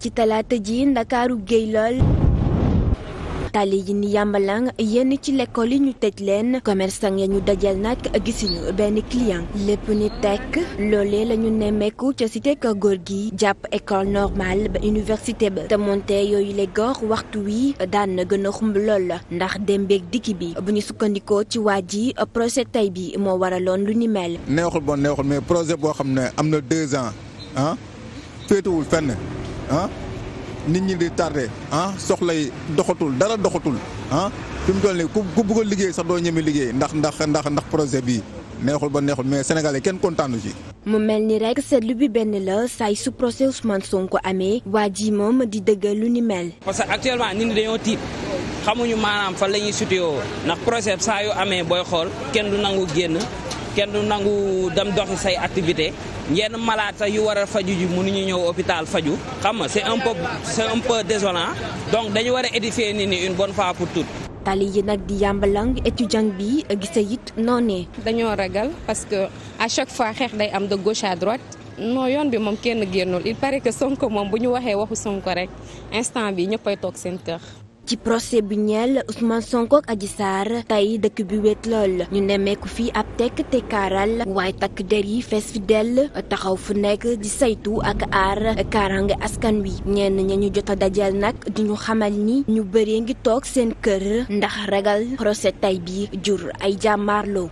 ci talaata ji ndakaaru géey lool tali yi ni yàmbalang yenn ci lekkool yi ñu tëj leen commerçant ya ñu dajal nag gisuñu benn client lépp ni tekk loolee lañu ñu nemmeeku ca cité kër góor gi jàpp école normale ba université ba te moonte yooyu le gox waxtu wi daan na gën a xumb lool ndax dem dikk bi bu ñu sukkandikoo ci waa ji projet tey bi moo waraloon lu ni mel. neexul bon neexul mais projet boo xam ne am na deux ans ah fenn. ah nit ñi di tardé ah soxlay doxatul dara doxatul ah fi ku ku bëgg a liggéey sax doo ñeme liggéey ndax ndax ndax ndax projet bii neexul ba neexul mais sénégalais kenn kontaanu ci. mu mel ni rek seetlu bi benn la saay su procès Ousmane Sonko amee waa ji moom di dëggal lu ni mel. parce que actuellement nit ñi dañoo tiit xamuñu maanaam fan la ñuy sutuyoo ndax procès saa yu amee booy xool kenn du nangu génn. kenn nangu dem doxi say activité yenn malade yu war a faju ji mënuñu ñëw hôpital faju xam nga c'est un peu c'est un peu désolant donc dañu war édifier nit ñi une bonne fois pour toutes. tali yi nag di yàmbalang étudiant bi gise it noonee dañoo ragal parce que à chaque fois xeex day am de gauche à droite non yoon bi moom kenn génnul il pare que Sonko moom bu ñu waxee waxu Sonko rek instant bi ñëppay toog seen kër ci procès bi ñeel Ousmane Sonko ak Adji Sarr tey dëkk bi wet lool ñu nemmeeku fii ab tekk te kaaral waaye takk der yi fees fi dell taxaw fu nekk di saytu ak aar kaaraange askan wi ñenn ña ñu jot a dajal nag di xamal ni ñu bëree ngi toog seen kër ndax ragal procès tey bi jur ay jàmmaarloo